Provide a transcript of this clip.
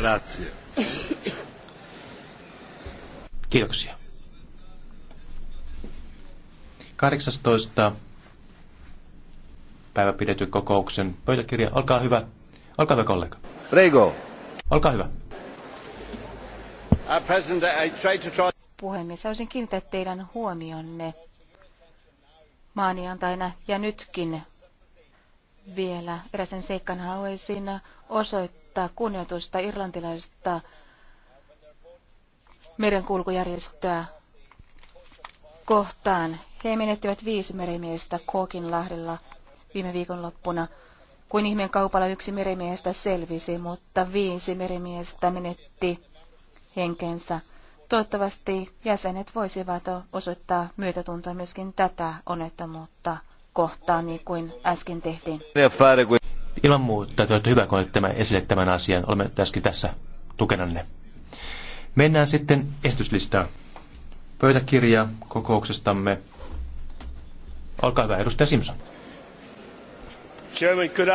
Grazie. Kiitoksia. 18. päivä pidetyn kokouksen pöytäkirja. Olkaa hyvä. Olkaa hyvä kollega. Rego. Olkaa hyvä. Uh, Puhemies, haluaisin kiinnittää teidän huomionne maaniantaina ja nytkin vielä eräsen seikkaan haluaisin osoittaa osoittaa kunnioitusta irlantilaista merenkulkujärjestöä kohtaan. He menettivät viisi merimiestä Kookinlahdella viime viikonloppuna. Kuin ihmeen kaupalla yksi merimiestä selvisi, mutta viisi merimiestä menetti henkensä. Toivottavasti jäsenet voisivat osoittaa myötätuntoa myöskin tätä onnettomuutta kohtaan, niin kuin äsken tehtiin. Ilman muuta te hyvä, kun olette tämän, esille tämän asian. Olemme tässäkin tässä tukenanne. Mennään sitten esityslistaan. Pöytäkirja kokouksestamme. Olkaa hyvä, edustaja Simpson. Chairman, could I...